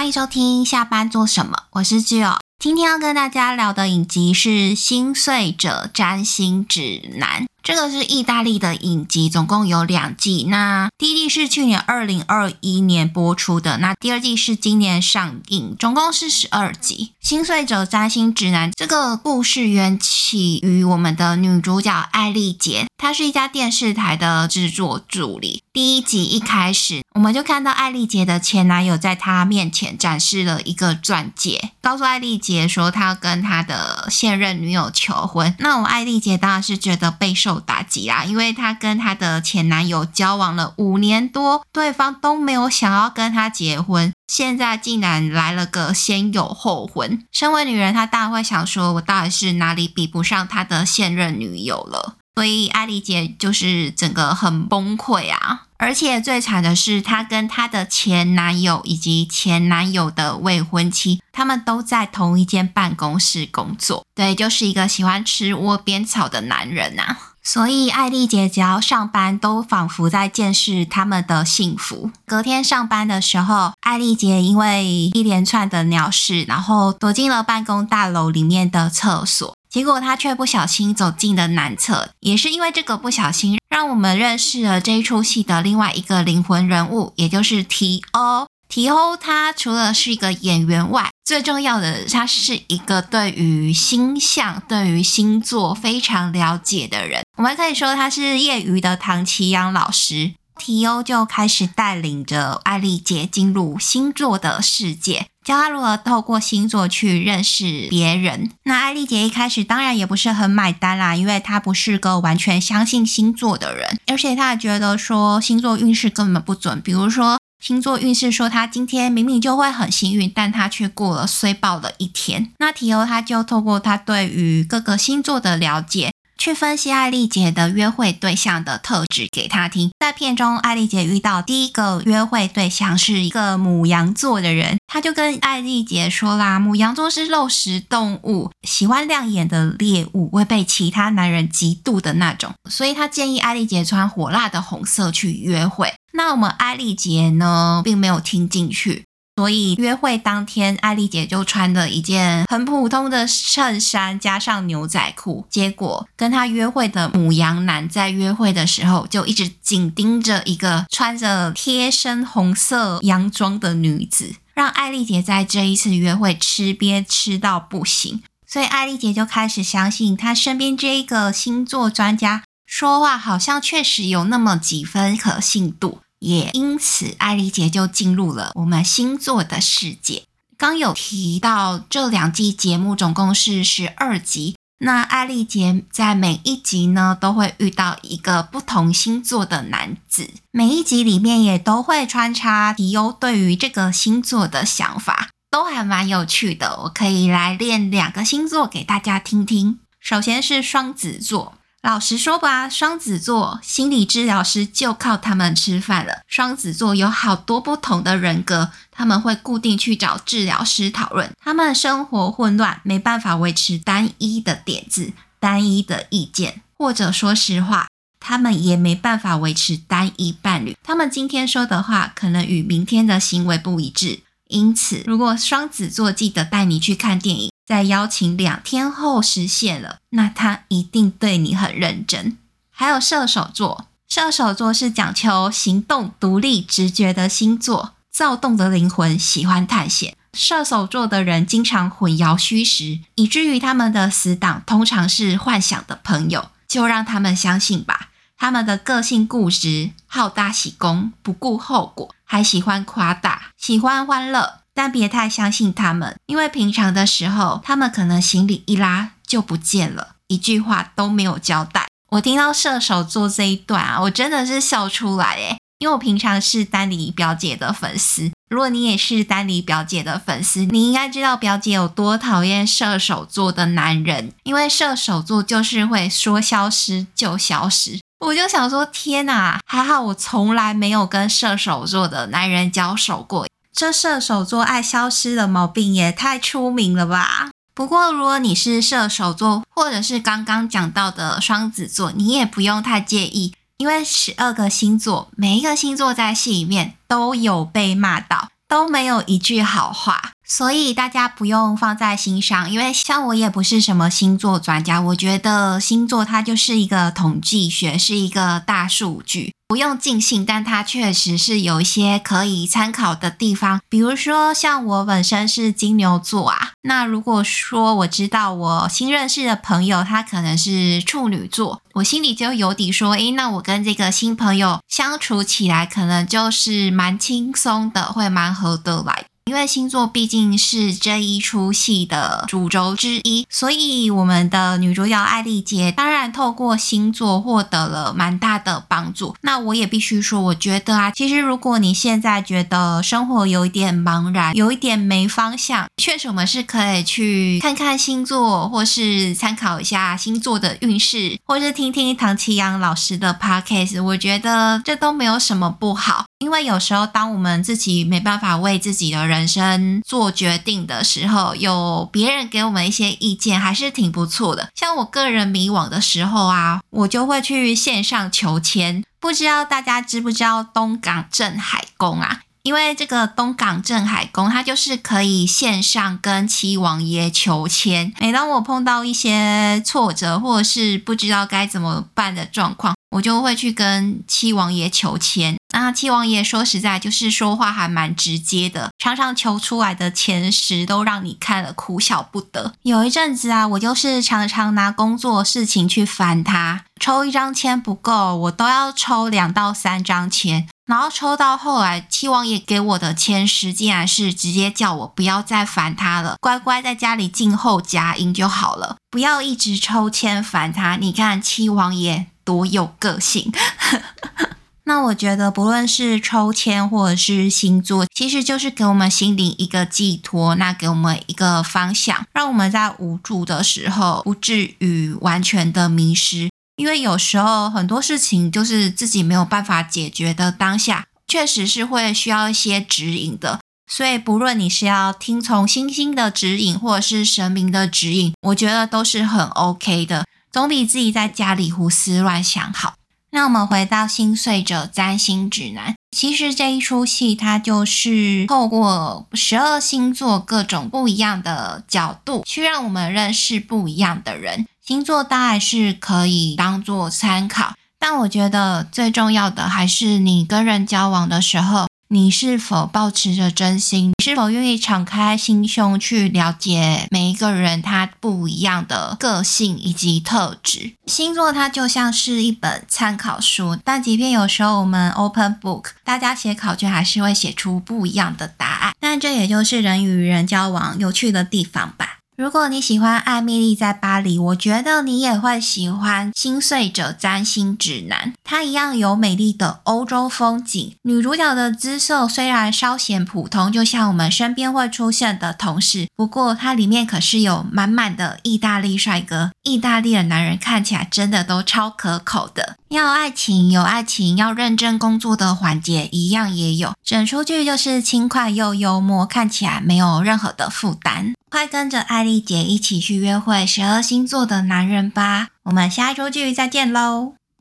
歡迎收聽下班做什麼？我是 Gio，今天要跟大家聊的影集是《心碎者占星指南》，這個是意大利的影集，總共有兩季。那第一季是去年二零二一年播出的，那第二季是今年上映，總共是十二集。《心碎者占星指南》這個故事緣起於我們的女主角艾莉婕。她是一家電視台的製作助理。第一集一開始，我們就看到艾麗姐的前男友在她面前展示了一個鑽戒，告訴艾麗姐說他要跟他的現任女友求婚。那我艾麗姐當然是覺得備受打擊啦，因為她跟她的前男友交往了五年多，對方都沒有想要跟她結婚，現在竟然來了個先有後婚。身為女人，她當然會想說：我到底是哪裡比不上她的現任女友了？所以艾麗姐就是整個很崩潰啊，而且最慘的是，她跟她的前男友以及前男友的未婚妻，他們都在同一間辦公室工作。對，就是一個喜歡吃窩邊草的男人吶啊。所以艾麗姐只要上班，都仿佛在見識他們的幸福。隔天上班的時候，艾麗姐因為一連串的鳥事，然後躲進了辦公大樓裡面的廁所。結果他卻不小心走進了男廁，也是因為這個不小心，讓我們認識了這一出戲的另外一個靈魂人物，也就是提歐。提歐他除了是一個演員外，最重要的是他是一個對於星象、對於星座非常了解的人。我們可以說他是業餘的唐綺陽老師。提歐就開始帶領着艾莉婕進入星座的世界。教他如何透過星座去認識別人。那艾麗姐一開始當然也不是很買單啦，因為她不是個完全相信星座的人，而且她也覺得說星座運勢根本不準。比如說星座運勢說她今天明明就會很幸運，但她卻過了衰爆的一天。那提歐她就透過她對於各個星座的了解。去分析艾麗姐的約會對象的特質給她聽。在片中，艾麗姐遇到第一個約會對象是一個牡羊座的人，她就跟艾麗姐說啦：“牡羊座是肉食動物，喜歡亮眼的獵物，會被其他男人嫉妒的那種。”所以，她建議艾麗姐穿火辣的紅色去約會。那我們艾麗姐呢，並沒有聽進去。所以約會當天，艾麗姐就穿了一件很普通的襯衫，加上牛仔褲。結果跟她約會的牡羊男在約會的時候，就一直緊盯着一個穿着貼身紅色洋裝的女子，讓艾麗姐在這一次約會吃鱉吃到不行。所以艾麗姐就開始相信她身邊這一個星座專家說話，好像確實有那麼幾分可信度。也因此，艾莉婕就進入了我們星座的世界。剛有提到，這兩季節目總共是十二集。那艾莉婕在每一集呢，都會遇到一個不同星座的男子。每一集裡面也都會穿插迪歐對於這個星座的想法，都還蠻有趣的。我可以來練兩個星座給大家聽聽。首先是雙子座。老實說吧，雙子座心理治療師就靠他們吃飯了。雙子座有好多不同的人格，他們會固定去找治療師討論。他們生活混亂，沒辦法維持單一的點子、單一的意見，或者說實話，他們也沒辦法維持單一伴侶。他們今天說的話，可能與明天的行為不一致。因此，如果雙子座記得帶你去看電影，在邀請兩天後實現了，那他一定對你很認真。還有射手座，射手座是講求行動、獨立、直覺的星座，躁動的靈魂，喜歡探險。射手座的人經常混淆虛實，以至於他們的死黨通常是幻想的朋友，就讓他們相信吧。他們的個性固執，好大喜功，不顧後果，還喜歡誇大，喜歡歡樂。但別太相信他們，因為平常的時候，他們可能行李一拉就不見了，一句話都沒有交代。我聽到射手座這一段啊，我真的是笑出來誒。因為我平常是丹妮表姐的粉絲。如果你也是丹妮表姐的粉絲，你應該知道表姐有多討厭射手座的男人，因為射手座就是會說消失就消失。我就想說，天哪，還好我從來沒有跟射手座的男人交手過。這射手座愛消失的毛病也太出名了吧？不過如果你是射手座，或者是剛剛講到的雙子座，你也不用太介意，因為十二個星座，每一個星座在戲裡面都有被罵到，都沒有一句好話。所以大家不用放在心上，因為像我也不是什麼星座專家。我覺得星座它就是一個統計學，是一個大數據，不用盡信，但它確實是有一些可以參考的地方。比如說像我本身是金牛座啊，那如果說我知道我新認識的朋友他可能是處女座，我心裡就有底，說誒，那我跟這個新朋友相處起來可能就是蠻輕鬆的，會蠻合得來的。因為星座畢竟是這一出戲的主軸之一，所以我們的女主角艾莉婕當然透過星座獲得了蠻大的幫助。那我也必須說，我覺得啊，其實如果你現在覺得生活有一點茫然，有一點沒方向，確實我們是可以去看看星座，或是參考一下星座的運勢，或是聽聽唐綺陽老師的 podcast，我覺得這都沒有什麼不好。因為有時候，當我們自己沒辦法為自己的人生做決定的時候，有別人給我們一些意見，還是挺不錯的。像我個人迷惘的時候啊，我就會去線上求籤。不知道大家知不知道東港鎮海宮啊？因為這個東港鎮海宮，它就是可以線上跟七王爺求籤。每當我碰到一些挫折，或者是不知道該怎麼辦的狀況，我就會去跟七王爺求籤，那、啊、七王爺說實在就是說話還蠻直接的，常常求出來的籤詩都讓你看了哭笑不得。有一陣子啊，我就是常常拿工作事情去煩他，抽一張籤不夠，我都要抽兩到三張籤，然後抽到後來，七王爺給我的籤詩竟然是直接叫我不要再煩他了，乖乖在家裡靜候佳音就好了，不要一直抽籤煩他。你看七王爺。多有個性， 那我覺得不論是抽籤或者是星座，其實就是給我們心靈一個寄托，那給我們一個方向，讓我們在無助的時候不至於完全的迷失。因為有時候很多事情就是自己沒有辦法解決的當下確實是會需要一些指引的。所以，不論你是要聽從星星的指引，或者是神明的指引，我覺得都是很 OK 的。總比自己在家裡胡思亂想好。那我們回到《心碎者占星指南》，其實這一齣戲它就是透過十二星座各種不一樣的角度，去讓我們認識不一樣的人。星座當然是可以當作參考，但我覺得最重要的還是你跟人交往的時候。你是否抱持着真心？是否願意敞開心胸去了解每一個人他不一樣的個性以及特質？星座它就像是一本參考書，但即便有時候我們 open book，大家寫考卷還是會寫出不一樣的答案。但這也就是人與人交往有趣的地方吧。如果你喜歡《艾蜜莉在巴黎》，我覺得你也會喜歡《心碎者占星指南》。它一樣有美麗的歐洲風景，女主角的姿色雖然稍顯普通，就像我們身邊會出現的同事。不過它裡面可是有滿滿的意大利帥哥，意大利的男人看起來真的都超可口的。要愛情有愛情，要認真工作的環節一樣也有，整出劇就是輕快又幽默，看起來沒有任何的負擔。快跟着艾麗姐一起去約會十二星座的男人吧！我們下一出劇再見嘍。